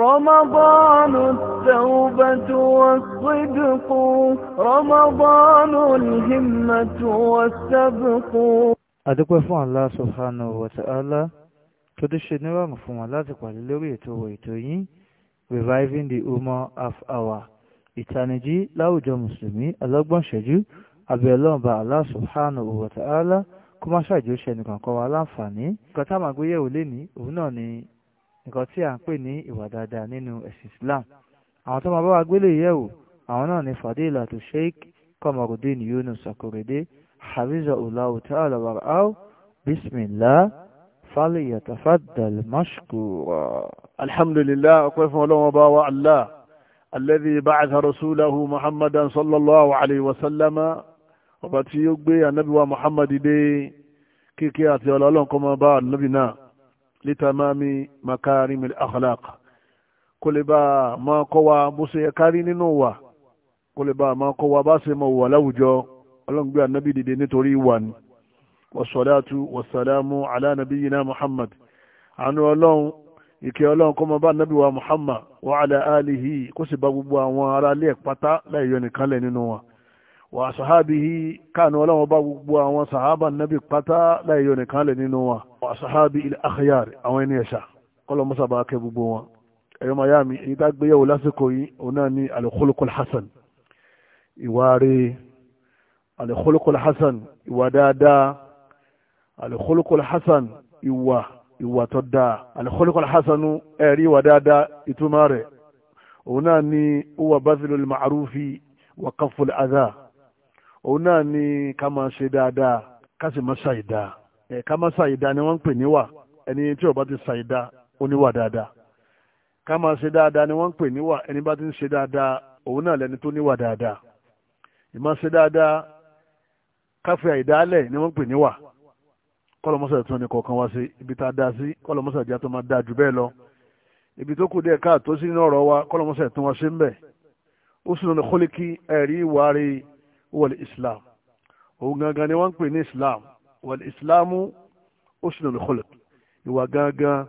رمضان التوبة والصدق رمضان الهمة والسبق adúpẹ́ fún Allah subhanahu wa ta'ala tó tó ṣe nírọ̀rùn fún wa láti pàdé lórí ètò ètò yín reviving the Ummah of our ìtanijí láwùjọ mùsùlùmí ọlọ́gbọ̀n ṣẹ́jú abẹ́ọlọ́ọ̀bà Allah subhanahu wa ta'ala kó má ṣàjọṣe ẹnìkan kan wa láǹfààní. nǹkan tá a máa òun náà ni nǹkan tí à ń pè ní ìwà dáadáa nínú ẹ̀sìn Islam àwọn tó máa bá wa gbélé yẹ̀wò àwọn náà ni fadilatu sheikh Kamaruddin Yunus Akorede hafizahullahu ta'ala wara'ahu bismillah falyatafaddal mashkura. alhamdulillah ọpẹ́ fún Ọlọ́run ọba wa allah alladhi ba'atha rasulahu muhammadan sallallahu alayhi wa sallama ọba tí ó gbé anabiwa muhammad dé kíkẹ́ àti ọlọ́lọ́nkọ́ máa náà lítamami makarimi akhlaq kó lè bá a máa kọ́ wa bó ṣe yẹ kárí nínú wa kó lè bá a máa kọ́ wa bá ṣe mọ̀ wà láwùjọ ọlọ́ngbé ànábì dìde nítorí ìwà ni wasalaatu wasalaamu ala nabiyina muhammad àánú ọlọ́run ìkẹ́ ọlọ́run kó máa bá ànábì wa muhammad wa ala alihi kó sì bá gbogbo àwọn aráalé ẹ̀ pátá láì yọ nìkan lẹ̀ nínú wọn wà sàhábìhì káànù ọlọ́wọ́ bá gbogbo àwọn sàhábà nàbì pátá láì yọ nìkan lè nínú wọn wà sàhábì ilẹ̀ akhiyar àwọn ẹni ẹ̀ṣà kọ́lọ́ mọ́sàbà kẹ́ gbogbo wọn ẹ̀yọ́ mayami èyí tá gbéyàwó lásìkò yìí òun náà ní alikolokol hasan ìwárí alikolokol hasan ìwà dáadáa alikolokol hasan ìwà ìwà tó dáa alikolokol hasanu ẹ̀rí ìwà dáadáa ìtumá rẹ̀ òun náà ní uwa wa kaful adha òun náà ni ká máa ṣe dáadáa ká sì máa ṣàìdá ẹ ká máa ṣàìdá ni wọ́n ń pè níwà ẹni tí ò bá ti ṣàìdá ó níwà dáadáa ká máa ṣe dáadáa ni wọ́n ń pè níwà ẹni bá ti ń ṣe dáadáa òun náà lẹni tó níwà dáadáa ìmọ̀ ṣe dáadáa ká fi àìdálẹ̀ ni wọ́n ń pè níwà kọ́lọ́mọ́sà tó ní kọ̀ọ̀kan wá sí ibi tá a dá sí kọ́lọ́mọ́sà jẹ́ tó máa dáa jù bẹ́ẹ̀ lọ ibi tó kù díẹ̀ káàtó sí nínú ọ̀rọ̀ wa kọ́lọ́mọ́sà tó wá sí ń bẹ̀ ó sì lọ́nà kólíkì ẹ̀rí ìwárí wal islam òun gangan ni wọ́n ń pè ní islam wal islamu husnul khuluq ìwà gangan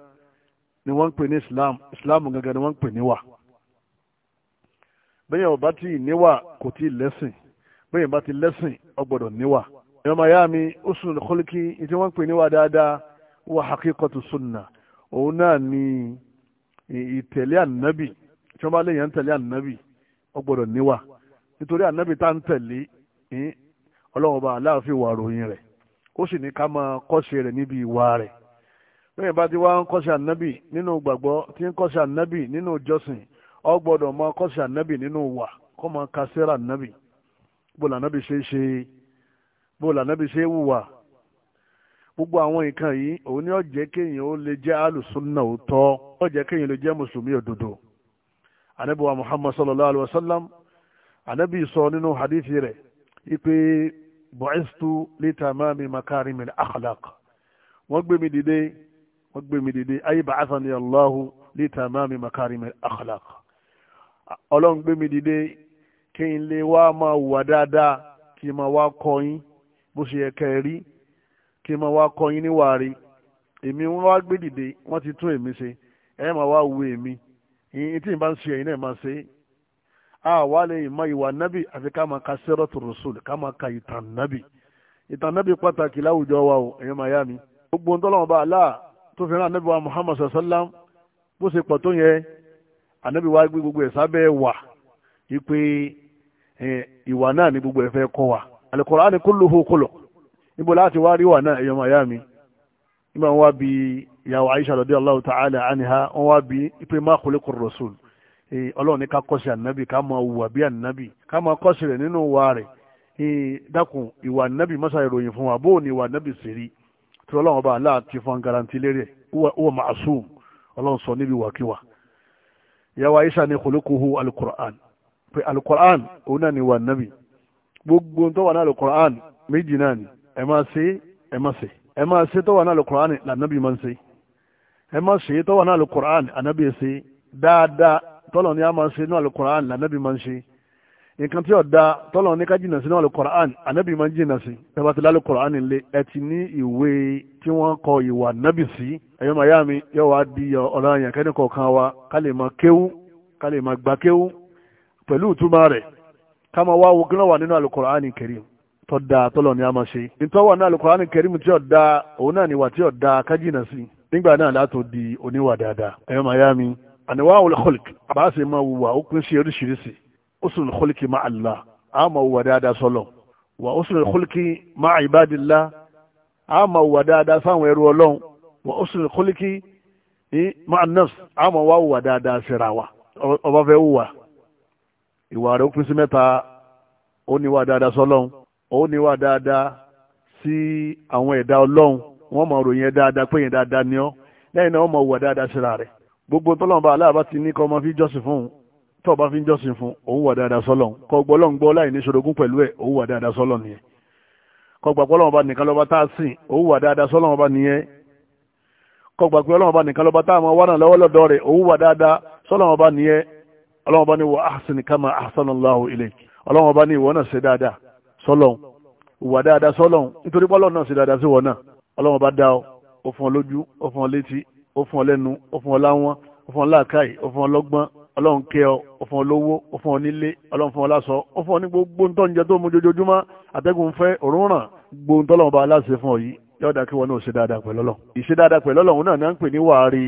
ni wọ́n ń pè ní islam islam gangan ni wọ́n ń pè níwà bẹ́yẹn ọba tí níwà kò tí lẹ́sìn bẹ́yẹn bá ti lẹ́sìn ó gbọ́dọ̀ níwà ìyọ́n máa yá mi husnul khuluq tí wọ́n ń pè níwà dáadáa wà haqiqatu sunna òun náà ni ìtẹ̀lé ànábì tí wọ́n bá léèyàn tẹ̀lé ànábì ó níwà nítorí ànábì tá à ń tẹ̀lé ọlọ́run ọba aláàfin wà ròyìn rẹ̀ ó sì ní ká máa kọ́ṣe rẹ̀ níbi ìwà rẹ̀ lóyìn bá ti wá ń kọ́ṣe ànábì nínú gbàgbọ́ tí ń kọ́ṣe ànábì nínú ìjọsìn ó gbọ́dọ̀ máa kọ́ṣe ànábì nínú kó máa ka ànábì bó lànábì ṣe ṣe bó lànábì ṣe wùwà gbogbo àwọn nǹkan yìí òun ni kéèyàn ó lè jẹ́ alùsùnà òótọ́ kéèyàn lè jẹ́ mùsùlùmí muhammad sallallahu alayhi ànábì sọ nínú hadithi rẹ̀ ipe bu'istu litamami makarimil akhlaq wọ́n gbé mi dìde wọ́n gbé mi dìde ayé ba'athani Allahu litamami makarimil akhlaq ọlọ́run gbé mi dìde kí n lè wá máa wà dáadáa kí n máa wá kọ́ yín bó ṣe yẹ kẹ́ kí n máa wá kọ́ yín níwà èmi wọn wá gbé dìde wọ́n ti tún èmi ṣe ẹ máa wá wo èmi yìí tí n bá ń ṣe ẹ̀yin náà máa ṣe a wà lè mọ ìwà nábì àfi ká máa ka sẹ́rọ̀tù rọ̀sùl ká máa ka ìtàn nábì ìtàn nábì pàtàkì láwùjọ wa o ẹ̀yọ́ màá yá mi. gbogbo ntọ́lọ́wọ́n bá aláà tó fi rán anábì wa muhammad sallam bó ṣe pọ̀ tó yẹ anábì wa gbé gbogbo ẹ̀ sábẹ́ wà ipe ìwà náà ni gbogbo ẹ̀ fẹ́ kọ́ wa al-Qur'an kulluhu khuluq níbo láti wá rí wà náà ẹ̀yọ́ màá yá mi. nígbà wọn wá bí ìyàwó aisha radiyallahu ta'ala anha wọn wá bí ipe má rasul ọlọ́run ní ká kọ́sí ànábì ká máa wùwà bí ànábì ká máa kọ́sí rẹ̀ nínú wa rẹ̀ dákun ìwà ànábì mọ́sá ìròyìn fún wa bóò ní ìwà ànábì sì rí tí ọlọ́run ọba aláà ti fọn garanti lérí ẹ̀ ó màásùm ọlọ́run sọ níbi wàkíwà ìyàwó aisha ní kòlókòhó alukur'an pé alukur'an òun náà ní ìwà ànábì gbogbo tó wà ní alukur'an méjì náà ni ẹ máa ṣe ẹ máa ṣe ẹ máa ṣe tó wà ní alukur'an lànàbì máa ń ṣe ẹ máa ṣe tó wà ní alukur'an ànábì ṣe dáadáa tọ́lọ̀ ní a máa ń ṣe ní alukoran lànàbí máa ń ṣe nǹkan tí ọ̀dà tọ́lọ̀ ní ká jìnnà sí ní alukoran ànábì máa ń jìnnà sí tẹ́bàtì lálukoran lé ẹ ti ní ìwé tí wọ́n kọ ìwà nábì sí ẹ̀yọ́ màyá mi yóò wá di ọ̀rọ̀ àyàn kẹ́ni kọ̀ọ̀kan wa ká lè máa kéwú ká lè máa gbà kéwú pẹ̀lú ìtumọ̀ rẹ̀ ká máa wá wo kí wà da tọ́lọ̀ ní a máa ṣe nígbà náà látò di oníwà dáadáa ẹ̀yọ́ màyá mi àníwá àwọn olùkọ́lìkì àbáṣe máa wùwà ó pín sí oríṣiríṣi ó sì olùkọ́lìkì máa Allah á máa wùwà dáadáa sọ́lọ̀ wà ó sì olùkọ́lìkì máa ibadillah á máa wùwà dáadáa sáwọn ẹrú ọlọ́run wà ó sì olùkọ́lìkì máa nọ́ọ̀sì á máa wá wùwà dáadáa síra wa ọba fẹ́ wùwà ìwà rẹ̀ ó pín sí mẹ́ta ó níwà dáadáa sọ́lọ́run ó níwà dáadáa sí àwọn ẹ̀dá ọlọ́run wọ́n máa ròyìn dáadáa pé yẹn dáadáa ni ọ́ lẹ́yìn náà wọ́n máa wùwà dáadáa síra rẹ̀ gbogbo tọ́lọ́mọba aláàbá ti ní kọ́ ọmọ fi jọ́sìn fún un tọ́ ọba fi ń jọ́sìn fún òun wà dáadáa sọ́lọ̀ kọ́ gbọ́lọ́ ń gbọ́ láì ní ṣorogún pẹ̀lú ẹ̀ òun wà dáadáa sọ́lọ̀ nìyẹn kọ́ gbà pé ọlọ́mọba nìkan lọ́ba tá a sìn òun wà dáadáa sọ́lọ́mọba nìyẹn kọ́ gbà pé ọlọ́mọba nìkan lọ́ba tá a máa wà náà lọ́wọ́ lọ́dọ̀ rẹ̀ òun wà dáadáa sọ́lọ́mọba nìyẹn ọlọ́mọba ni ó fún ọ lẹ́nu ó fún ọ láwọn ó fún ọ láàkáì ó fún ọ lọ́gbọ́n ọlọ́run kẹ́ ọ ó fún ọ lówó ó fún ọ nílé ọlọ́run fún ọ láṣọ ó fún ọ ní gbogbo ntọ́ oúnjẹ tó mu jojoojúmọ́ àtẹ́gùn fẹ́ òórùn ràn gbogbo ntọ́ lọ́wọ́ bá aláṣẹ fún ọ yìí yọ̀ọ́dà kí wọn náà ṣe dáadáa pẹ̀lú ọlọ́run ìṣe dáadáa pẹ̀lú ọlọ́run náà náà ń pè ní wàárí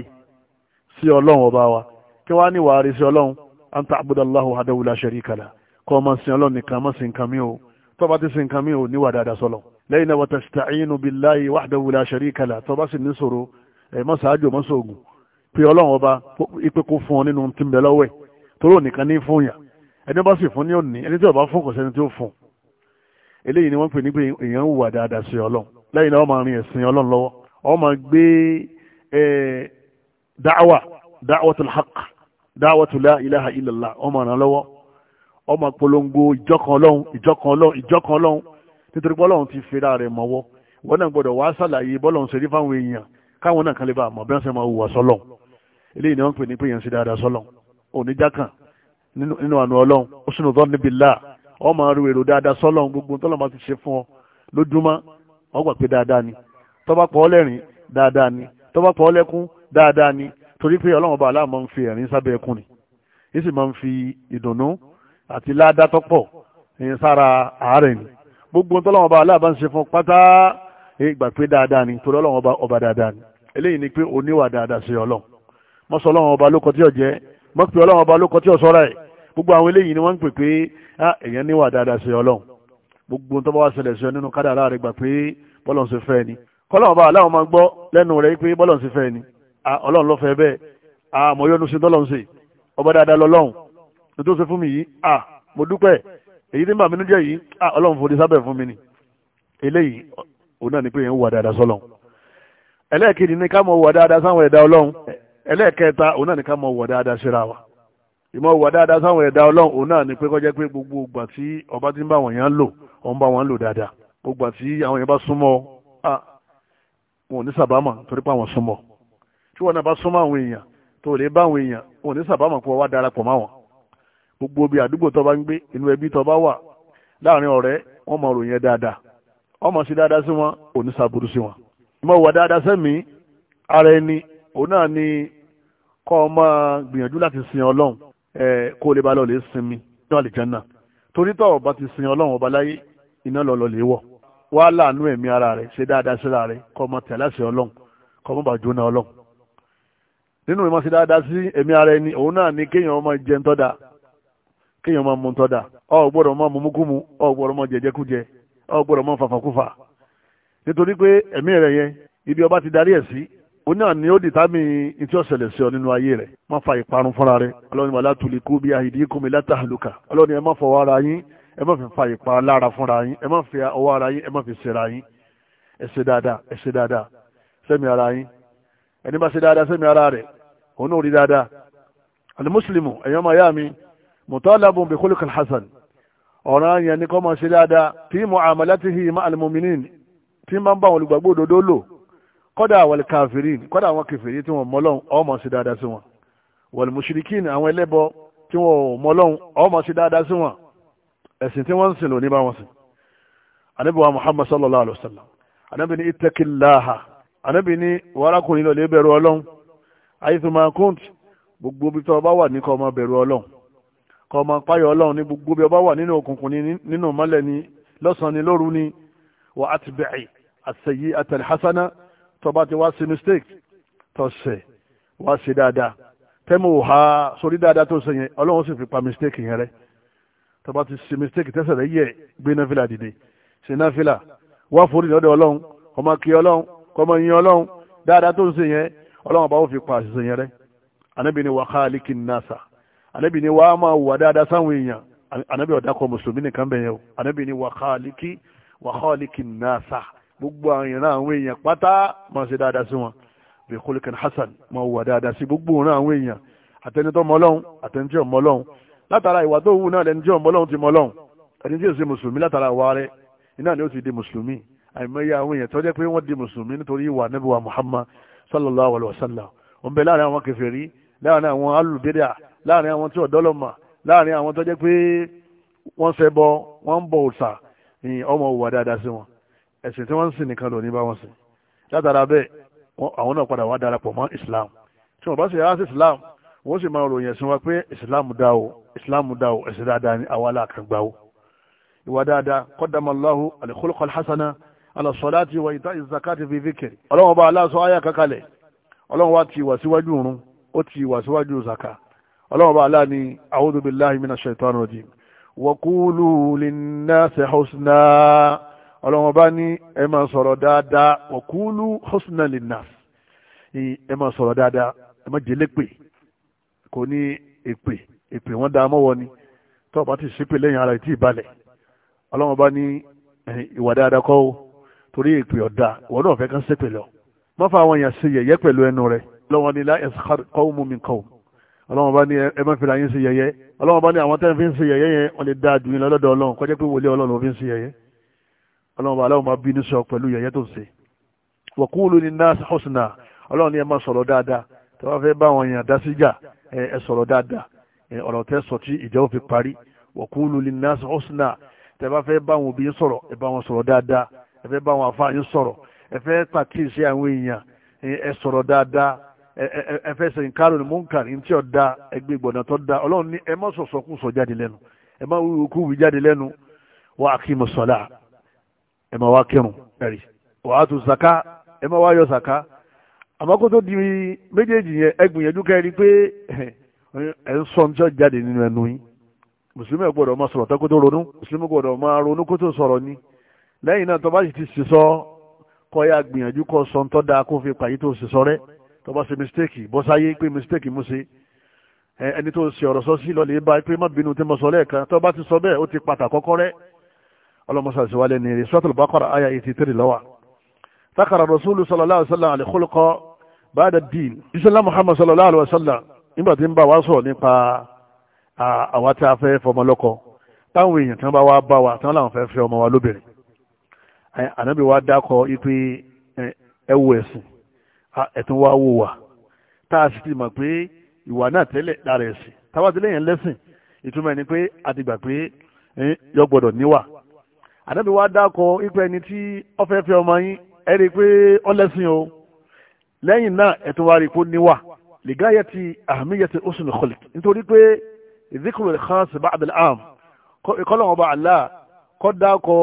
sí ọlọ́run ọba wa kí wọ́n ní wàárí sí ọlọ́run à ń ta àbúdàláhù adáwùlá ṣẹ̀ríkàlà kọ́ ọmọ sin ọlọ́run nìkan mọ́ sin nǹkan mi ò tó bá ti sin nǹkan mi ò níwà dáadáa sọlọ lẹ́yìn náà wọ́n tẹ̀sítà ayínú bíláyì wàhádàwùlá ṣẹ̀ríkàlà tó bá sì ní sọ̀rọ̀ mọ́ ṣáájú mọ́ sóògùn pé ọlọ́run ọba ipe kó fún ọ nínú tí ń bẹ lọ́wọ́ ẹ̀ toró nìkan ní fún yàn ẹni bá sì fún ní òní ẹni tí ọba fún kò sẹ́ni tí ó fún eléyìí ni wọ́n pè ní pé èèyàn ń wà dáadáa sí ọlọ́run lẹ́yìn náà wọ́n máa rin ẹ̀sìn ọlọ́run lọ́wọ́ wọ́n máa gbé dáwà dáwàtul haqq ilaha illallah wọ́n máa ràn lọ́wọ́ wọ́n máa polongo ìjọkan ọlọ́run ìjọkan ọlọ́run ìjọkan ọlọ́run nítorí pé ọlọ́run ti fira rẹ̀ mọ́wọ́ wọ́n náà gbọ́dọ̀ káwọn náà kan lè bá àmọ́ bí wọ́n ṣe máa hùwà sọ́lọ̀ eléyìí ni wọ́n ń pè ní pé yẹn ń ṣe dáadáa sọ́lọ̀ oníjàkàn nínú àánú ọlọ́run ó sì nùtọ́ níbi là ọ máa ru èrò dáadáa sọ́lọ̀ gbogbo tọ́lọ̀ máa ti ṣe fún ọ lójúmọ́ ọ gbà pé dáadáa ni tó bá pa ọ́ lẹ́rìn dáadáa ni tó bá pa ọ́ lẹ́kún dáadáa ni torí pé ọlọ́run ọba aláà ni yìí sì máa ń fi ìdùnnú àti ládàtọ́pọ̀ sára àárẹ̀ ni gbogbo tọ́lọ́run ọba aláà bá ń ṣe fún pátá ìgbà pé dáadáa ni torí ọlọ́run ọba dáadáa ni eléyìí ni pé oníwà dáadáa sí ọlọ́run mọ́ sọ ọlọ́run ọba lóko tí ò jẹ́ mọ́ pé ọlọ́run ọba lóko tí ò sọ́ra ẹ̀ gbogbo àwọn eléyìí ni wọ́n ń pè pé ah, èèyàn níwà dáadáa sí ọlọ́run gbogbo tó bá wá ṣẹlẹ̀ sí ọ nínú kádàrá rẹ̀ gbà pé bọ́lọ̀n ṣe fẹ́ ni kọ́lọ́run ọba aláwọ̀ máa gbọ́ lẹ́nu rẹ̀ pé bọ́lọ̀n ṣe fẹ́ ni ọlọ́run ló fẹ́ bẹ́ẹ̀ àmọ́ yọnu sí tọ́lọ́run ṣe ọba dáadáa lọ́lọ́run ní tó ṣe fún mi yìí à mo dúpẹ́ èyí tí ń bà mí nínú jẹ́ yìí à ọlọ́run forí sábẹ̀ fún mi ni eléyìí òun náà ni pé èèyàn wà dáadáa sọ́lọ́run ẹlẹ́ẹ̀kejì ní ká mọ wà dáadáa sáwọn ẹ̀dá ọlọ́run ẹlẹ́ẹ̀kẹta òun náà ní ká mọ wà dáadáa síra wa ìmọ̀ wà dáadáa sáwọn ẹ̀dá ọlọ́run òun náà ní pé kọjá pé gbogbo ìgbà tí ọba ti ń bá wọn yàn lò òun bá wọn lò dáadáa gbogbo àti àwọn yẹn bá súnmọ́ wọn ò ní sàbámà torí pé àwọn súnmọ́ tí wọn náà bá súnmọ́ àwọn èèyàn tó lè bá àwọn èèyàn wọn ò ní sàbámà pé wọn wá darapọ̀ mọ́ àwọn gbogbo bí àdúgbò tó bá ń gbé inú ẹbí tó bá wà láàrin ọ̀rẹ́ wọn mọ ròyìn dáadáa wọn mọ sí dáadáa sí wọn ò ní sàbúrú sí wọn ìmọ̀ wà dáadáa sẹ́mi ara ẹni òun náà ni kọ́ ọ máa gbìyànjú láti sin ọlọ́run kó o lè ba lọ lè sinmi ní àlìjánà torí tọ́ ọba ti sin ọlọ́run ọba láyé iná lọ lọ lè wọ̀ wá láàánú ẹ̀mí ara rẹ̀ ṣe dáadáa síra rẹ̀ kọ́ ọmọ tẹ̀ láṣẹ ọlọ́run kọ́ ọmọ bàjọ́ náà ọlọ́run nínú ìmọ̀ sí dáadáa sí ẹ̀mí ara ẹni òun náà ni kéèyàn ọmọ jẹun tọ́da kéèyàn ọmọ mu tọ́da ọ̀ gbọ́dọ̀ ọmọ mumukumu ọ̀ gbọ́dọ̀ ọmọ jẹjẹkújẹ ọ̀ gbọ́dọ̀ ọmọ fàfàkúfà nítorí pé ẹ̀mí rẹ̀ yẹn ibi ọba ti darí ẹ̀ sí ó náà ni ó dìtámì ìtí ọ̀sẹ̀lẹ̀ sí ọ nínú ayé rẹ̀ má fa ìparun fúnra rẹ̀ ọlọ́run wàlá tuliku bí ahìdí kùnmi látàlùkà ọlọ́run ẹ má fọwọ́ ara yín ẹ má fi fa ìpalára fúnra yín ẹ má fi ọwọ́ ara yín ẹ má fi ṣera yín ẹ ṣe dáadáa ẹ ṣe dáadáa sẹ́mi ara yín ẹni bá ṣe dáadáa sẹ́mi ara rẹ̀ òun náà rí dáadáa alimusilimu ẹ̀yọ́ máa yá mi mutalabun bi khuluqil hasan ọ̀ràn yẹn ni kọ́ tí máa ń bá àwọn olùgbàgbọ́ òdodo lò kọ́dà àwọn kọda kọ́dà àwọn kẹfìrín tí wọ́n ọmọ sí dáadáa sí wọn wọ́n mùṣìríkìn àwọn ẹlẹ́bọ tí wọ́n ọmọ sí dáadáa sí wọn ẹ̀sìn tí wọ́n ń sìn bá wọn sallam anabi ni itakilaha anabi ni wàrákùnrin lọ lè bẹ̀rù ọlọ́run ayétuma kunt gbogbo bí tọ́ wà ní bẹ̀rù páyọ̀ wà á ti bẹ̀ẹ̀ àṣeyí àtẹ̀lẹ́hásánà tó bá ti wá sí mistake tó ṣe wá sí dáadáa tẹ́mu ò ha sórí dáadáa tó ṣe yẹn ọlọ́run sì fi pa mistake yẹn rẹ tó bá ti ṣe mistake tẹ́sẹ̀ rẹ yẹ gbé náfìlà dìde ṣe náfìlà wá forí lọ́dọ̀ ọlọ́run ọmọ kí ọlọ́run kọmọ yin ọlọ́run dáadáa tó ń ṣe yẹn ọlọ́run bá ó fi pa àṣìṣe yẹn rẹ anabi ni wàhálà alikin nasa anabi ni wàá máa wà dáadáa sáwọn èèyàn anabi ọ̀dà kọ mùsùlùmí nìkan bẹ̀yẹn o anabi ni wàhálà alikin nasa wa khaliqin nasa gbogbo àwọn ìran àwọn èèyàn pátá máa ṣe dáadáa sí wọn bí khuliqin hasan máa wà dáadáa sí gbogbo ìran àwọn èèyàn àtẹnitọ́ mọ́lọ́hún àtẹnitọ́ mọ́lọ́hún látara ìwà tó wù náà lẹni tí ti mọ́lọ́hún ẹni tí ò ṣe mùsùlùmí látara ìwà rẹ̀ iná ni ó ti di mùsùlùmí àìmọye àwọn èèyàn tó pé wọ́n di mùsùlùmí nítorí ìwà Ànábì wa Muhammad sallallahu alaihi wasallam ó wọ́n ń bọ òòṣà ní ọmọ òwò dáadáa sí wọn ẹ̀sìn tí wọ́n ń sìn nìkan lò ní bá wọn sìn látara bẹ́ẹ̀ àwọn náà padà wá darapọ̀ mọ́ Islam tí wọ́n bá sì yára sí Islam wọ́n sì máa ròyìn ẹ̀sìn wa pé Islam dá o Islam dá o ẹ̀sìn dáadáa ní àwa aláàkàgbà o ìwà dáadáa kọ́dàmọ́láhu alikólókọ́lá hasana alasọ́láti wa ìta ìzakati fi fíkiri bá aláṣọ ayé àkàkalẹ̀ ọlọ́run wá ti wà síwájú wọ́kúlù linnasi husna ọlọ́wọ́n bá ní ẹ máa sọ̀rọ̀ dáadáa wọ́kúlù husna linnasi ẹ máa sọ̀rọ̀ dáadáa ẹ máa jẹ́lé pè kò ní èpè èpè wọ́n dá mọ́wọ́ ni tó bá ti ṣépè lẹ́yìn ara ìtì ìbalẹ̀ ọlọ́wọ́n bá ní ìwà dáadáa kọ́ ó torí èpè ọ̀dà ìwọ náà fẹ́ kán ṣépè lọ má àwọn èèyàn ṣe yẹ̀yẹ́ pẹ̀lú ẹnu rẹ̀ lọ́wọ́n ni la yaskhar qawmun min qawm ọlọ́run bá ní ẹ má fi ra yín sí yẹyẹ ọlọ́run bá ní àwọn tẹ́ fi ń sí yẹyẹ yẹn wọ́n lè dá àdúyìn lọ́dọ̀ ọlọ́run kọjá pé wòlé ọlọ́run fi ń sí yẹyẹ ọlọ́run bá aláwọ̀ máa bínú sọ pẹ̀lú yẹyẹ tó ń ṣe wọ̀kúùlù ní nas husna ọlọ́run ní ẹ má sọ̀rọ̀ dáadáa tó bá fẹ́ bá àwọn èèyàn dá síjà ẹ sọ̀rọ̀ dáadáa ọ̀rọ̀ tẹ́ sọ tí ìjà ò fi parí wọ̀kúùlù ní nas husna tẹ́ bá fẹ́ bá àwọn òbí sọ̀rọ̀ ẹ bá wọn sọ̀rọ̀ dáadáa ẹ fẹ́ ẹfẹsẹ nkárò ní munkar ntí ọ̀dà ẹgbẹ́ ìgbọ̀nà tó da ọlọ́run ní ẹ má sọ̀sọ̀ kú sọ jáde lẹ́nu ẹ má wíwú kú wí jáde lẹ́nu wà á kí mu sọ̀lá ẹ má wá kírun ẹ̀rí wà á tún sàká ẹ má wá yọ sàká àmọ́ di méjèèjì yẹn ẹ gbìyànjú kẹ́rin pé ẹ ń sọ ntí ọ jáde nínú ẹnu yín mùsùlùmí gbọ́dọ̀ máa sọ̀rọ̀ tó kó tó ronú mùsùlùmí gbọ́dọ̀ máa ronú kó tó ni lẹ́yìn náà tó bá sì ti sì sọ kọ́ ya gbìyànjú kọ́ sọ ń tọ́ da kó fi pàyí tó sì sọ rẹ́ tó bá ṣe mistake bọ́ sáyé pé mistake mo ṣe ẹni tó ṣe ọ̀rọ̀ sọ sí lọ́lẹ̀ bá pé má bínú tí mo sọ lẹ́ẹ̀kan tó bá ti sọ bẹ́ẹ̀ ó ti pàtà kọ́kọ́ rẹ́ ọlọ́mọṣà sí wálé ní eré suratul Baqara àyà eighty three lọ́wà takara rasulu sallallahu alayhi wa sallam alikulukọ bada diin isala muhammad sallallahu alayhi wa sallam nígbà tí ń bá wa sọ̀rọ̀ nípa àwa tí a fẹ́ fọmọ lọ́kọ táwọn èèyàn tí wọ́n bá wá bá wa tí wọ́n làwọn fẹ́ fẹ́ ọmọ wa lóbìnrin ànábì ẹ̀tún wá wò wà tá a sì ti mọ̀ pé ìwà náà tẹ́lẹ̀ lára ẹ̀sìn táwa tẹ́lẹ̀ yẹn lẹ́sìn ìtumọ̀ ẹni pé a ti gbà pé yọ gbọ́dọ̀ níwà ànábì wa dákọ ipò ẹni tí ọfẹ́ fẹ́ ọmọ yín ẹ rí i pé ọ lẹ́sìn o lẹ́yìn náà ẹ̀tún wa rí i kó níwà lìgáyà ti àhàmíyà ti oṣù nìkọlì nítorí pé ìdíkùrù kan sì bá àbẹ̀lẹ̀ àm ìkọlọ̀ ọba àlá kọ́ dákọ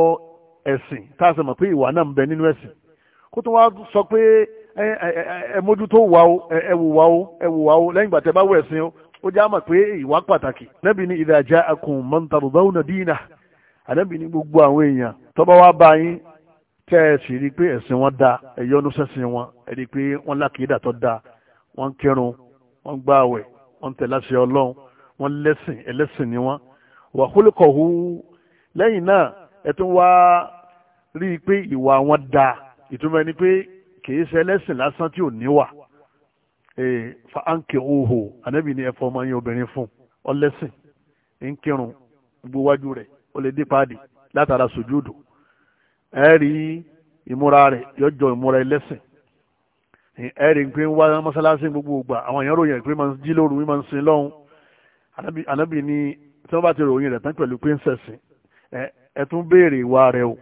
ẹ mójútó wà ó ẹ wò wà ó ẹ wò wà ó lẹ́yìn ìgbà tẹ́ bá wẹ̀ sí ó ó já mọ̀ pé ìwà pàtàkì nẹ́bí ni idha ja'akum man tardawna dinahu ànẹ́bí ni gbogbo àwọn èèyàn tó bá wá bá yín tẹ́ ẹ sì rí i pé ẹ̀sìn wọn da ẹ̀yọ́nú sẹ́sìn wọn ẹ rí i pé wọ́n lákìídà tó da wọ́n kírun wọ́n gbààwẹ̀ wọ́n tẹ̀lé àṣẹ ọlọ́run wọ́n lẹ́sìn ẹlẹ́sìn kìí ṣe ẹlẹ́sìn lásán tí ò níwà fa anke oho anabi ni ẹfọ ọmọ yẹn obìnrin fún ọlẹ́sìn ń kírun gbogbo wájú rẹ̀ ó lè dé páàdì látara sùjúdù ẹ rí ìmúra rẹ̀ yọjọ ìmúra ẹlẹ́sìn ẹ rí pé ń wá mọ́sálásí gbogbo ìgbà àwọn èèyàn ròyìn pé máa ń jí lóru máa ń sin lọ́hùn anabi ni tí wọ́n bá ti ròyìn rẹ̀ tán pẹ̀lú pé ń sẹ̀sìn ẹ tún béèrè ìwà rẹ̀ o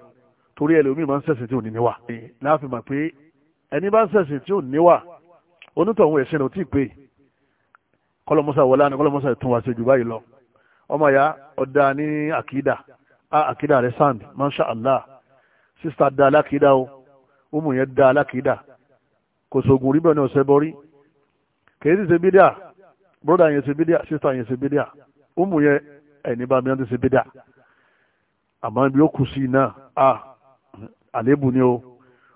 torí ẹlòmíì máa ń sẹ̀sìn tí ò ní níwà láàfin mà pé ẹni bá ń ṣẹ̀sìn tí ò níwà onítọ̀hún ẹ̀sìn ò tí ì pé kọlọmọsà wọlé àná kọlọmọsà tún wá sí jù báyìí lọ ọmọ ya ọ̀dà ní àkídà àkídà rẹ̀ sand masha allah sista da alákìídà o ọmọ yẹn da alákìídà kò sóògùn rí bẹ́ẹ̀ ní ọ̀sẹ̀ bọ́rí kèé ṣe bídíà broda yẹn ṣe bídíà sista yẹn ṣe bídíà ọmọ yẹn ẹni bá mi ti ṣe bídíà àmọ́ ibi ó kù sí iná a àlébù ni o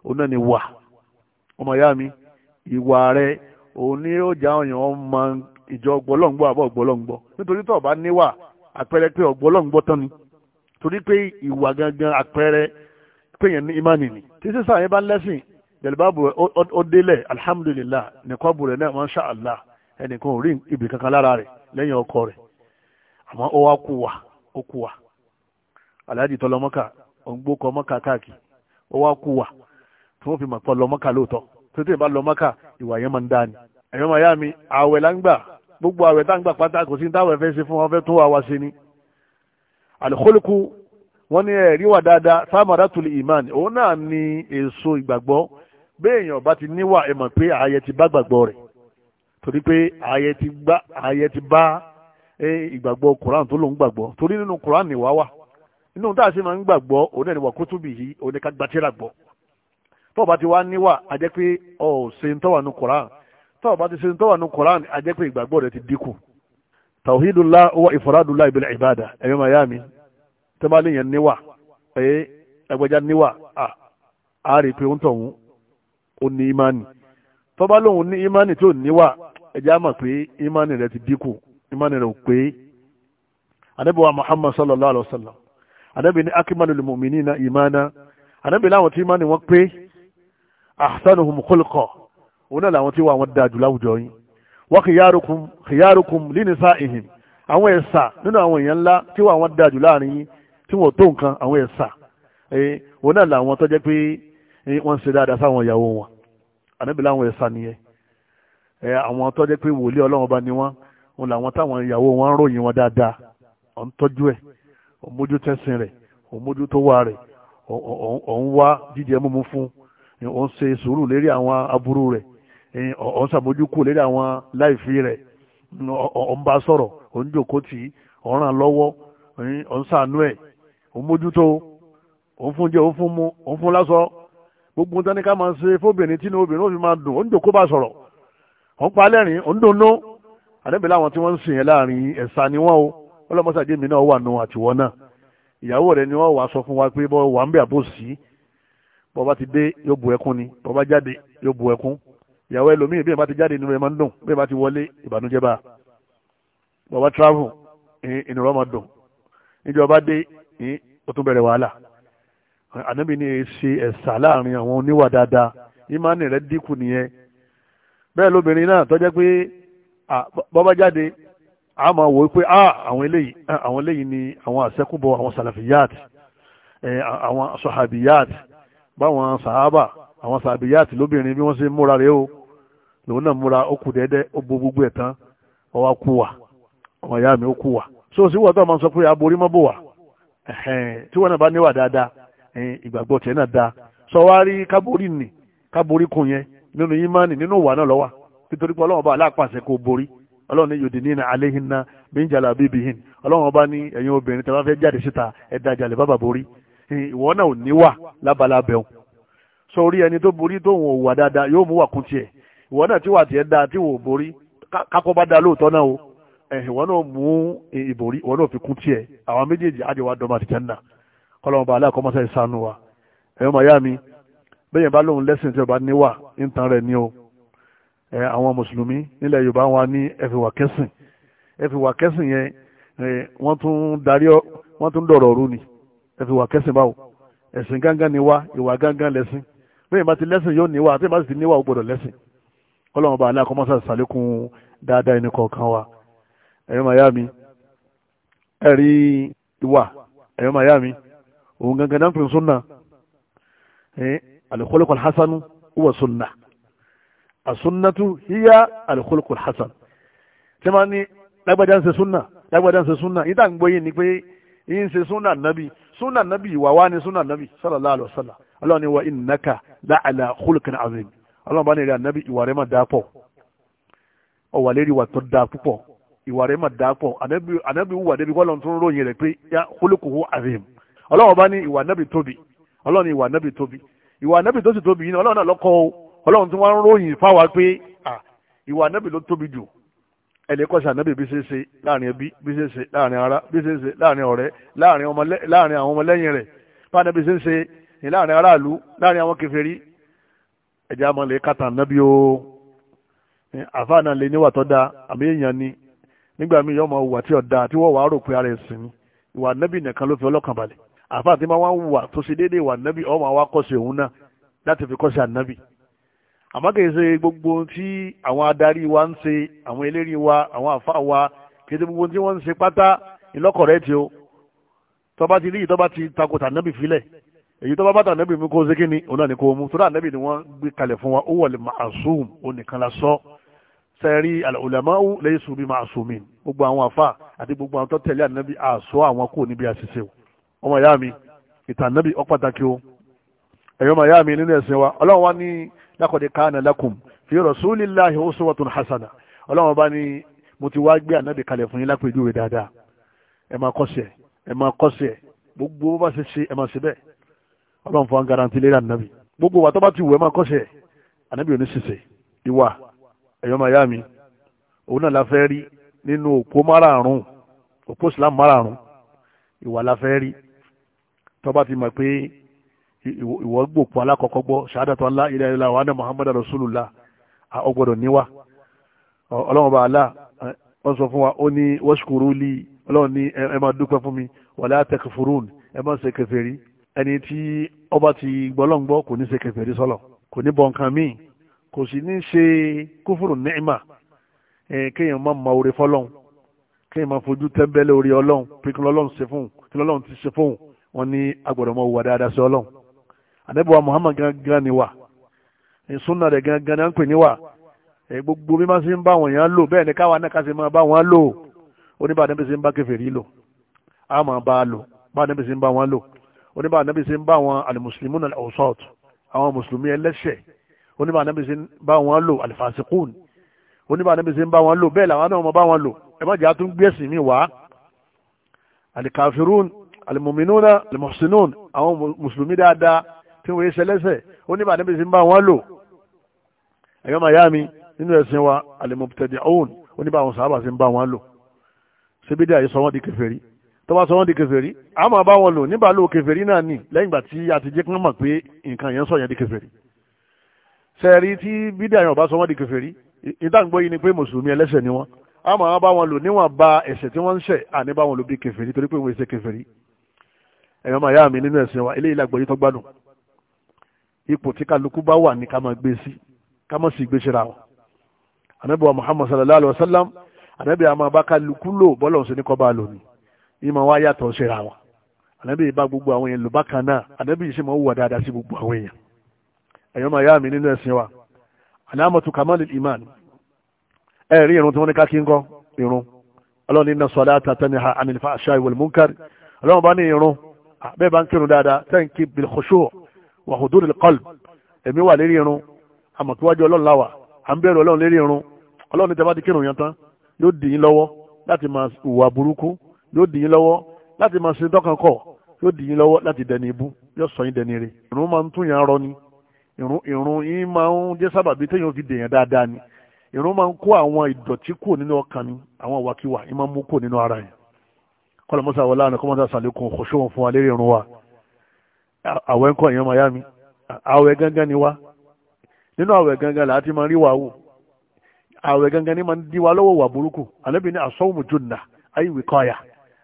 ó náà ni wà ọmọ ìyá mi ìwà rẹ òun ni ó já ọyàn ọmọ ìjọ gbọlọ́ngbọ́ àbọ̀ gbọlọ́ngbọ́ nítorí tó bá níwà àpẹẹrẹ pé ọgbọlọ́ngbọ́ tán ni torí pé ìwà gangan àpẹẹrẹ péyàn ní ìmánì ni tí sísá yẹn bá ń lẹ́sìn jẹ̀lẹ́bàbù rẹ̀ ó délẹ̀ alhamdulillah nìkan bù rẹ̀ náà masha Allah ẹnìkan ò rí ibì kankan lára rẹ̀ lẹ́yìn ọkọ rẹ̀ àmọ́ ó wá kú wa ó kú wa aláàjì tọlọmọ́kà òǹgbókọ mọ́kà káàkiri ó wá kú wa tí wọ́n fi mọ̀ pọ̀ lọ mọ́kà lóòótọ́ tó tẹ̀ bá lọ ìwà yẹn máa ń dáa ni. ẹ̀yọ́ màá yá mi àwẹ̀ la ń gbà gbogbo àwẹ̀ tá ń gbà pátá kò sí táwẹ̀ fẹ́ ṣe fún wọn fẹ́ tún wa wá ṣe ni. àlùkòlùkù wọn ní ẹ̀rí wà dáadáa sáàmàdà tùlù ìmán òun náà ni èso ìgbàgbọ́ béèyàn bá ti níwà ẹ mọ̀ pé ààyè ti bá gbàgbọ́ rẹ̀ torí pé ààyè ti bá ìgbàgbọ́ Quran tó lòún gbàgbọ́ torí nínú Quran nìwá wà nínú táà sì máa ń gbàgbọ́ òun náà ni wà kútùbì yìí òun ni ká gbatíra gbọ́ tó bá ti wá níwà a jẹ́ pé ọ̀ ṣe ń tọ́wà ní koran tó bá ti ṣe ń tọ́wà ní koran a jẹ́ pé ìgbàgbọ́ rẹ̀ ti dínkù tawhidullah huwa ifradullah bil ibada ẹ̀yọ́ mayami tó bá léèyàn níwà pé ẹgbẹ́já níwà a rí pé ó ń tọ̀hún ó ní imani tó bá ní imani tí ò níwà ẹ̀já mọ̀ pé imani rẹ̀ ti dínkù imani rẹ̀ ò pé Ànábì wa Muhammad sallallahu alaihi wa sallam Ànábì ní akmalul mu'minina imana Ànábì láwọn tí imani ahsanuhum khulqa òun náà làwọn tí wà wọn dáa jù láwùjọ yín wa khiyarukum khiyarukum li nisa'ihim àwọn ẹ̀sà nínú àwọn èèyàn ńlá tí wà wọn dáa jù láàrin yín tí wọ́n tó nǹkan àwọn ẹ̀sà òun náà làwọn tó jẹ́ pé wọ́n ń ṣe dáadáa sáwọn ìyàwó wọn ànábì láwọn ẹ̀sà nìyẹn àwọn tó jẹ́ pé wòlíì ọlọ́run bá ní wọn òun làwọn táwọn ìyàwó wọn ń ròyìn wọn dáadáa ọ̀n tọ́jú ẹ̀ ọ̀n mójútẹ́sìn rẹ̀ ọ̀n mójútówà rẹ̀ ọ̀n wá jíjẹ múmu fún un òun ṣe sùúrù lérí àwọn aburú rẹ̀ òun ṣàmójúkù lérí àwọn láìfi rẹ̀ òun bá sọ̀rọ̀ òun jòkó tì í òun ràn lọ́wọ́ òun ṣàánú ẹ̀ òun mójútó òun fún jẹ òun fún mu òun fún láṣọ gbogbo tani ká máa ṣe fóbìnrin tí ní obìnrin ó fi máa dùn òun jòkó bá sọ̀rọ̀ òun pa lẹ́rìn òun dùnnú àwọn tí wọ́n ń sìn yẹn láàrin ẹ̀sà ni wọ́n o ọlọ́mọṣàjẹ́mi náà wà nù àtiwọ́ náà ìyàwó rẹ̀ ni wọ́n wàá sọ fún wa pé bọ́ wà ń bẹ̀ àbòsí bọ́ba ti dé yóò bu ẹkún ni bọ́ba jáde yóò bu ẹkún ìyàwó ẹlòmíì bí ìbá ti jáde inú rẹ̀ máa ń dùn bí ìbá ti wọlé ìbànújẹ́ bá bọ́ba travel inú rẹ̀ máa dùn níjọba dé ó tún bẹ̀rẹ̀ wàhálà ànábì ni ṣe ẹ̀sà láàrin àwọn oníwà dáadáa ìmánì rẹ̀ dínkù nìyẹn bẹ́ẹ̀ lóbìnrin náà tọ́jẹ́ pé bọ́ba jáde a máa wò ó pé ah, àwọn eléyìí àwọn eléyìí ni àwọn àṣẹ́kùbọ̀ àwọn sàlàfíyàt àwọn sọ̀hàbíyàt báwọn sàhábà àwọn sàbíyàtì lóbìnrin bí wọ́n ṣe múra rèé o lòun náà múra ó kù dẹ́dẹ́ ó bo gbogbo ẹ̀ tán ọwọ́ kú wa ọmọ mi ó so sí wọ́n tó máa sọ pé aborí mọ́ bò wá tí wọ́n náà bá níwà dáadáa ìgbàgbọ́ tiẹ̀ náà dáa sọ wá rí káborí nì káborí kùn yẹn nínú yimani nínú wà náà lọ́wọ́ pé bá aláàpàṣẹ kò borí ní yòdì nínú aléhinna bíbí hin bá ní ìwọ náà ò níwà lábalábẹ̀ o sọ orí ẹni tó borí tóun ò wà dáadáa yóò mú wà kún tiẹ̀ ìwọ náà tí wà tiẹ̀ dáa tí wò ó borí kákọ́ bá dáa lóòótọ́ náà o ìwọ náà mú ìborí ìwọ náà fi kún tiẹ̀ àwọn méjèèjì á jẹ́ wá dọ́mà àti jẹ́nà kọ́lọ́mọba aláàkọ́mọ́sá ìsánú wa ẹ̀yọ́ màyá mi bẹ́yẹn bá lóun lẹ́sìn tí ọba níwà ń tan rẹ̀ ní o àwọn mùsùlùmí nílẹ̀ yorùbá wa ní ẹ̀fìwà kẹ́sìn ẹ̀fìwà kẹ́sìn yẹn wọ́n tún darí wọ́n tún dọ̀rọ̀ ọ̀rú ni ẹ fi wà kẹsìn báwo ẹ̀sìn gángan ni wá ìwà gángan lẹ́sìn bẹ́ẹ̀ bá ti lẹ́sìn yóò níwà àti bá ti níwà ó gbọ́dọ̀ lẹ́sìn ọlọ́run bá aláàkọ́ mọ́sá sàlékún dáadáa ẹni kọ̀ọ̀kan wa ẹ̀yọ́ mayami ẹ̀rí ìwà ẹ̀yọ́ mayami òun gangan náà pín súnà alìkọ́lùkọ̀ hasanu wà súnà àsúnnàtú híyá alìkọ́lùkọ̀ hasan tí ma ní lágbàdá ń ṣe súnà lágbàdá ń ṣe súnà ìdá ń gbóyìn ni pé yín ṣe súnà nábì súnà nàbì ìwà wa ni súnà nàbì sallallahu alaihi wasallam ọlọ́run ni wa innaka la'ala khuluqin azim ọlọ́run bá ní rẹ̀ ànábì ìwà rẹ̀ mà dáa pọ̀ ọwà lérí wà tó dáa púpọ̀ ìwà rẹ̀ mà dáa pọ̀ ànábì wà débi kọ́lọ́n tó ń ròyìn rẹ̀ pé ya khuluquhu azim ọlọ́run bá ní ìwà ànábì tóbi ọlọ́run ìwà ànábì tóbi ìwà ànábì tó sì tóbi yìí ọlọ́run náà lọ́kọ́ ọlọ́run tí wọ́n ń ròyìn fáwa pé ìwà ànábì ló tóbi ẹni kọ́sí ànábì bí ṣeéṣe láàrin ẹbí bí ṣeéṣe láàrin ara bí ṣeéṣe láàrin ọ̀rẹ́ láàrin àwọn ọmọlẹ́yìn rẹ̀ bá ànábì ṣe ní láàrin aráàlú láàrin àwọn kèfèrí ẹ̀jẹ̀ amọ̀lẹ̀ kàtà ànábì o àfa náà lè níwà tó da àmì èèyàn ni nígbà míì yọmọ wà tí ọ̀dà tí wọ́n wà á rò pé ara ẹ̀sìn ni ìwà ànábì nìkan ló fi ọlọ́kàn balẹ̀ àfa àti máa wá ń wà tó ṣe déédéé ìwà ànábì ọmọ àwa kọ́sí òun náà láti fi kọ́sí ànábì àmọ́ kìí ṣe gbogbo tí àwọn adarí wa ń ṣe àwọn eléré wa àwọn àfa wa kìí ṣe gbogbo tí wọ́n ń ṣe pátá ìlọ́kọ̀rẹ́ tí o tọ́ba ti rí yìí tọ́ba ti takò tànẹ́bì filẹ̀ èyí tọ́ba bá tànẹ́bì mi kó ṣe kí ni òun náà ni kó mú torí ànẹ́bì ni wọ́n gbé kalẹ̀ fún wa ó wọlé màásùm onìkan la sọ sẹ́rí alùlámáwù lẹ́yìn sùnbí màásùmí gbogbo àwọn àfa àti gbogbo àwọn tó tẹ̀lé ànẹ́bì àṣọ àwọn kò níbi àṣìṣe o ọmọ ìyá mi ìtànẹ́bì ọ pàtàkì o ẹ̀yọ́ màá yá mi nínú ẹ̀sìn wa ọlọ́run wa ní laqad kana lakum fi rasulillahi uswatun hasana ọlọ́run bá ní mo ti wá gbé ànábì kalẹ̀ fún yín lápèjúwe dáadáa ẹ máa kọ́sẹ̀ ẹ máa kọ́sẹ̀ gbogbo bá ṣe ṣe ẹ máa ṣe bẹ́ẹ̀ ọlọ́run fún garanti lé ànábì gbogbo wa tó bá ti wù ẹ máa kọ́sẹ̀ ànábì ò ní ṣiṣẹ́ ìwà ẹ̀yọ́ máa yá mi òun náà la fẹ́ rí nínú òpó márààrún òpó ìsìlámù márààrún ìwà la rí tó bá ti mọ̀ pé ìwọ gbòpò alákọ̀ọ́kọ́ gbọ́ ṣahadatu Allah ilaha illallah wa anna Muhammadu rasulullah ọgbọ́dọ̀ níwà ọlọ́run bá alá wọ́n sọ fún wa ó ní washkuru li ọlọ́run ní ẹ dúpẹ́ fún mi wala takfurun ẹ máa ṣe kèfèrí ẹni tí ọba ti gbọ́lọ́ngbọ́ kò ní ṣe kèfèrí sọ́lọ̀ kò ní bọ̀ nǹkan míì kò sì ní ṣe kúfùrù ni'ma kéèyàn máa ma oore fọ́lọ́run kéèyàn máa wà dáadáa sí ọlọ́run àdẹ́bùwà Muhammad gangan ni wà ìsúná rẹ̀ gangan náà ń pè ní wà gbogbo bí wọ́n ṣe ń bá wọn yàn lò bẹ́ẹ̀ ni káwa náà ká ṣe máa bá wọn lò oníbàdàn bí ṣe ń bá kèfèrí lò á máa bá a lò bàdàn bí ṣe ń bá wọn lò oníbàdàn bí ṣe ń bá wọn alimuslimuna al-awsat àwọn mùsùlùmí ẹlẹ́ṣẹ̀ oníbàdàn bí ṣe ń bá wọn lò alifasikun oníbàdàn bí ṣe ń bá wọn lò bẹ́ẹ̀ làwọn náà máa bá wọn lò ẹ má jẹ́ àtún gbé ẹ̀sìn mi wá alikafirun alimuminuna alimuhsinun àwọn mùsùlùmí dáadáa tí wọ́n ṣe lẹ́sẹ̀ ó ní bàdébí sí ń bá wọn lò ẹ̀yọ́ màyá mi nínú ẹ̀sìn wa alimọ̀tẹ́dì ọ̀hún ó ní bá wọn sábà sí ń bá wọn lò síbí dí àyè sọ wọ́n di kèfèrí tó bá sọ wọ́n di kèfèrí a máa bá wọn lò nígbà lò kèfèrí náà nì lẹ́yìn ìgbà tí a ti jẹ́ kán mọ̀ pé nǹkan yẹn sọ yẹn di kèfèrí sẹ́ẹ̀rí tí bídà yẹn ò bá sọ wọ́n di kèfèrí ìdáǹgbọ́ yìí ni pé mùsùlùmí ẹlẹ́sẹ̀ ni wọ́n a máa bá wọn lò níwọ̀n ba ẹ̀sẹ̀ tí wọ́n ń ṣẹ̀ àní bá wọn lò bí kèfèrí torí pé wọ́n ṣe kèfèrí ẹ̀yọ́ màá yá mi nínú ẹ̀sìn wa eléyìí lágbọ́yé tó gbádùn ipò tí kálukú bá wà ní ká máa gbé sí ká máa gbé síra wọn anabi muhammad sallallahu alaihi wa sallam anabi àmọ́ bá kálukú lò bọ́lá òsè ní kọ́ba lónìí ìmọ̀ wá yàtọ̀ síra wọn anabi bá gbogbo àwọn èèyàn lò bákan náà anabi yìí sì máa wùwà dáadáa sí gbogbo àwọn èèyàn ẹ̀yọ́ máa yá mi nínú ẹ̀sìn wa alamatu kamalil iman ẹ̀rí irun tí wọ́n ní ká kí ń kọ́ irun ọlọ́run inna salata tanha anil wà huduril qalb ẹ̀mí wà lérí irun àmọ̀tíwájú ọlọ́run láwà à ń bẹ̀rù ọlọ́run lérí irun ọlọ́run ní tẹ́fà ti kírun yẹn tán yóò dì yín lọ́wọ́ láti máa hùwà burúkú yóò dì yín lọ́wọ́ láti máa sin tọ́kàn kọ̀ yóò dì yín lọ́wọ́ láti dẹni ibú yóò sọ yín dẹni rè irun máa ń tún yàn rọ ni irun irun yín máa ń jẹ́ sábàbí téèyàn fi dèèyàn dáadáa ni irun máa ń kó àwọn ìdọ̀tí kúrò nínú ọkàn ni àwọn ìwàkiwà yín máa ń mú kúrò nínú ara yẹn kọ́lọ́mọ́sá wọlé àná kọ́mọ́sá sàlékún kòṣóhùn fún wa lérí irun wa àwẹ̀ ń kọ́ èèyàn miami àwẹ̀ gangan ni wá nínú àwẹ̀ gangan láti máa rí wàá wò àwẹ̀ gangan ni máa ń di wa lọ́wọ́ wà burúkú ànábì ní asọ́wùmù jùnà ayé wìkọ́yà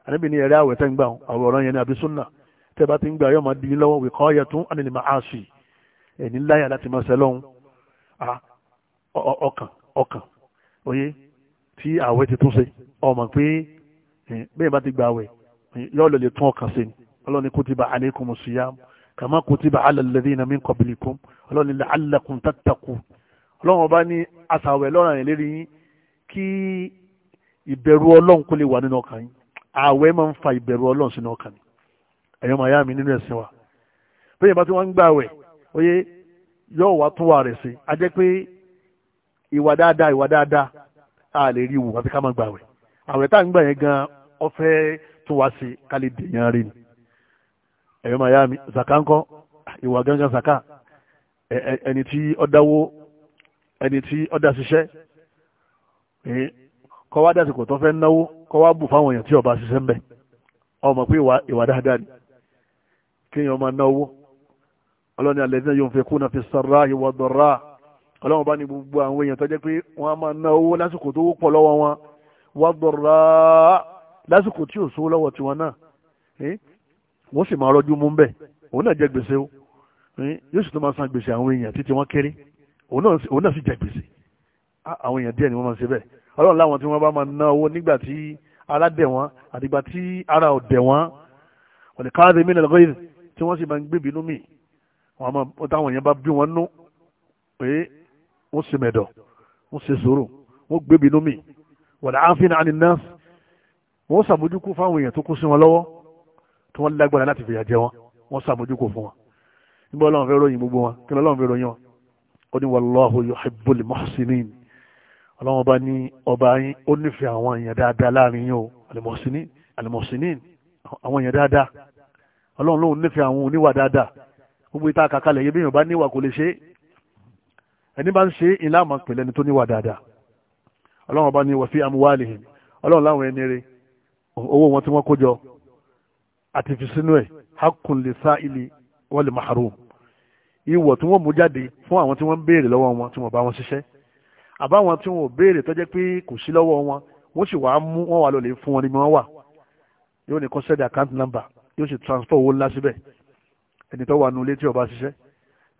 ànábì ní ẹ̀rẹ́ àwẹ̀ tẹ́ ń gbà àwẹ̀ ọ̀rọ̀ yẹn ní àbí súnà tẹ́ bá ti ń gbà yóò máa di lọ́wọ́ wìkọ́yà tún ànínì máa àṣì ẹ̀ní láyà láti máa ṣẹ lọ́hùn ọkàn ọkàn oyé tí àwẹ̀ ti tún ṣe ọmọ pé bẹ́ẹ̀ bá ti gbà àwẹ̀ yóò lọ lè tún ọkàn ṣe ọlọ́ni kutiba alaykumus siyam kama kutiba ala alladhina min qablikum ọlọ́run ní la'allakum tattaqun ọlọ́run ọba ní asàwẹ̀ lọ́ràn yẹn lérí yín kí ìbẹ̀rù ọlọ́run kó lè wà nínú ọkàn yín ààwẹ̀ máa ń fa ìbẹ̀rù ọlọ́run sínú ọkàn yín ẹ̀yọ́ màá yá mi nínú ẹ̀sìn wa bẹ́ẹ̀ bá tí wọ́n ń gbà wẹ̀ oyé yóò wá tún wà rẹ̀ sí a jẹ́ pé ìwà dáadáa ìwà dáadáa a lè rí wù àfi ká máa gbà wẹ̀ àwẹ̀ tá à ń gbà yẹn gan ó fẹ́ tún wá sí ká lè dèèyàn rí ni ẹ̀yọ́ máa yá mi zaka ń kọ́ ìwà gángan zaka ẹni tí ọ dáwó ẹni tí ọ dá ṣiṣẹ́ kọ́ wá dásìkò tó fẹ́ náwó kọ́ wá bù fáwọn èèyàn tí ọba ṣiṣẹ́ ń bẹ̀ ọmọ pé ìwà dáadáa ni kéèyàn máa náwó ọlọ́ni alladhina yunfiquna fi sarra'i wa dharra'i ọlọ́run bá ní gbogbo àwọn èèyàn tó jẹ́ pé wọ́n á máa ná owó lásìkò tó wọ́pọ̀ lọ́wọ́ wọn wá dharra'i lásìkò tí ò sówó lọ́wọ́ tiwọn náà wọ́n sì máa rọ́jú mú ń bẹ̀ òun náà jẹ gbèsè o yóò sì tó máa san gbèsè àwọn èèyàn títí wọ́n kéré òun náà sì jẹ gbèsè àwọn èèyàn díẹ̀ ni wọ́n máa ṣe bẹ́ẹ̀ ọlọ́run láwọn tí wọ́n bá máa ná owó nígbà tí ara dẹ̀ wọ́n àtìgbà tí ara ò dẹ̀ wọ́n wọ́n lè káàdé mí lọ́gọ́ yìí tí wọ́n sì máa ń gbé ìbínú mì wọ́n táwọn èèyàn bá bí wọ́n nú pé wọ́n sì mẹ̀dọ̀ wọ́n sì sòrò wọ́n gbé ìbínú mì wọ́n lè áfínà àní náà wọ́n sàmójúkú fáwọn èèyàn tó kó sí wọn lọ́wọ́ tí wọ́n lágbára láti fìyà jẹ wọn wọ́n sàmójúkò fún wọn nígbà ọlọ́run fẹ́ ròyìn gbogbo wọn kí ọlọ́run fẹ́ ròyìn wọn ó ní wallahu yuhibbul muhsinin ọlọ́run ọba ní ọba yín ó nífẹ̀ẹ́ àwọn èèyàn dáadáa láàrin yín o al-muhsinin al-muhsinin àwọn èèyàn dáadáa ọlọ́run lóun nífẹ̀ẹ́ àwọn oníwà dáadáa gbogbo ìta àkàkalẹ̀ yẹ bí èèyàn bá ni tó níwà dáadáa ọlọ́run ọba ní wa fi amwalihim ọlọ́run láwọn ẹni àti fi sínú ẹ̀ hakùn lè sá ilé wọ́n lè maharum ìwọ̀ tí wọ́n mú jáde fún àwọn tí wọ́n ń béèrè lọ́wọ́ wọn tí wọ́n bá wọn ṣiṣẹ́ àbáwọn tí wọn ò béèrè tó jẹ́ pé kò sí lọ́wọ́ wọn wọ́n sì wàá mú wọn wà lọ fún wọn níbi wọn wà yóò ní kó sẹ́dí account number yóò sì transfer owó ńlá síbẹ̀ ẹni tó wà nù létí ọba ṣiṣẹ́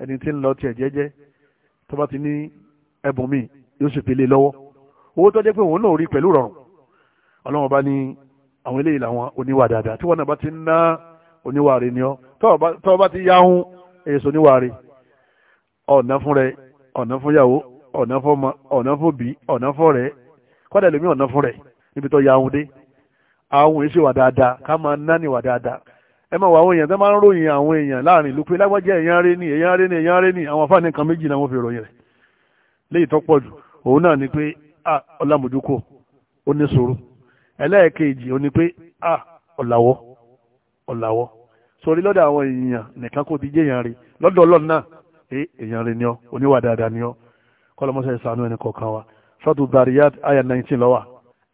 ẹni tí ń lọ tiẹ̀ jẹ́jẹ́ tó bá ti ní ẹ̀bùn míì yóò sì fi lé lọ́wọ́ owó tó pé òun náà rí pẹ̀lú rọrùn ọlọ́run ọba ní àwọn eléyìí làwọn oníwà dáadáa tí wọn náà bá ti ń ná oníwà rẹ ni ọ tọ́wọ́ bá ti yáhùn èso oníwà rẹ ọ̀nà fún rẹ ọ̀nà fún yàwó ọ̀nà fún ọmọ ọ̀nà fún bí ọ̀nà fún rẹ kọ́dà lèmi ọ̀nà fún rẹ níbi tó yáhùn dé àwọn èsì wà dáadáa ká máa ná ní wà dáadáa ẹ máa wà àwọn èèyàn tó máa ń ròyìn àwọn èèyàn láàrin ìlú pé lágbájá èèyàn rẹ ni èèyàn rẹ ni èèyàn rẹ ni àwọn afáàní kan méjì náà wọ́n fi ròyìn rẹ̀ léyìí tó pọ̀ jù òun náà ni pé ọlámùdúkọ ó ní sùúrù ẹlẹ́ẹ̀kejì ó ní pé à ọ̀làwọ́ ọ̀làwọ́ sórí lọ́dọ̀ àwọn èèyàn nìkan kò ti jẹ́ èèyàn rí lọ́dọ̀ ọlọ́run náà èèyàn rí ni ọ oníwà dáadáa ni ọ kọ́lọ́mọṣẹ́ ìsànú ẹni kọ̀ọ̀kan wa sọ́tù dariyat aya nineteen lọ́wà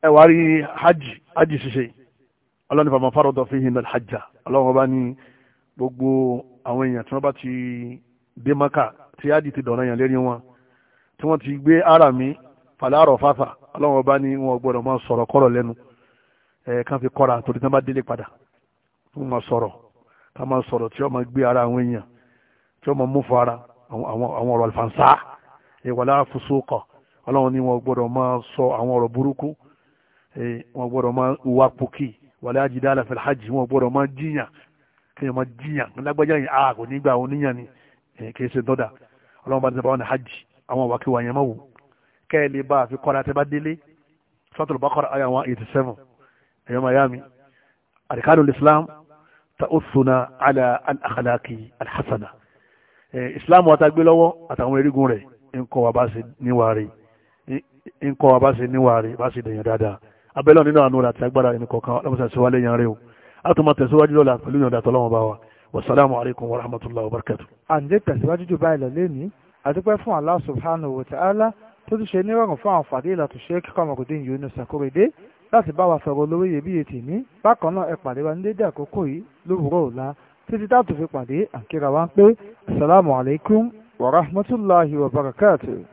ẹ wá rí hajj hajj ṣíṣe ọlọ́run fàmọ́ fárọ́dọ̀ fi hin náà hajjá ọlọ́run bá ní gbogbo àwọn èèyàn tí wọ́n bá ti dé maka tí hajj ti dọ̀nà yàn lérí wọn tí wọ́n ti gbé ara mi fàlárọ̀ ọlọ́run bá ní wọn gbọ́dọ̀ máa sọ̀rọ̀ kọ́rọ̀ lẹ́nu kan fi kọ́ra torí tán bá délé padà wọ́n máa sọ̀rọ̀ ká máa sọ̀rọ̀ tí wọ́n máa gbé ara àwọn èèyàn tí wọ́n máa mú fara àwọn ọ̀rọ̀ àlùfànṣá ìwàlá fúsókọ̀ ọlọ́run ni wọ́n gbọ́dọ̀ máa sọ àwọn ọ̀rọ̀ burúkú wọ́n gbọ́dọ̀ máa wá pòkì wàlá àjìdá àlàfẹ́ hajj wọ́n gbọ́dọ̀ máa jiyàn kí wọ́n máa jiyàn lágbájá yìí a kò ní gbà àwọn oníyàn ni kì í ṣe dọ́dà ọlọ́run bá ti sábà wọn hajj àwọn wàkíwà yẹn eighty seven ẹ̀yọ́ miami arkanul islam ta'uthuna ala al-akhlaqi al-hasana islam wa ta gbé lọ́wọ́ àtàwọn erigun rẹ̀ ńkọ́ wa bá ṣe níwáre ńkọ́ wa bá ṣe níwáre bá ṣe dẹ̀yàn dáadáa abẹ́lọ́ nínú àánú rẹ̀ àti agbára ẹni kọ̀ọ̀kan ọlọ́mọṣẹ́ sí wa lẹ́yìn rẹ̀ o a tún máa tẹ̀síwájú lọ́la pẹ̀lú ìyọ̀dà tọ́lọ́wọ́n bá wa wasalaamu alaykum wa rahmatullahi wa barakatuh. à ń dé tẹ̀síwájú jù báyìí lọ lẹ́ni àdúpẹ́ fún Allah subhanahu wa ta'ala tó ti ṣe nírọ̀rùn fún àwọn fàdílà tó ṣe kíkọ́ ọmọkùnrin Yunus Akorede láti bá wa sọ̀rọ̀ olówó iyebíye tèmi bákan náà ẹ pàdé wa ní dédé àkókò yìí lówùúrọ̀ ọ̀la títí táàtò fi pàdé àkíra wa ń pé asalaamualeykum wa rahmatulahi wa barakatuh.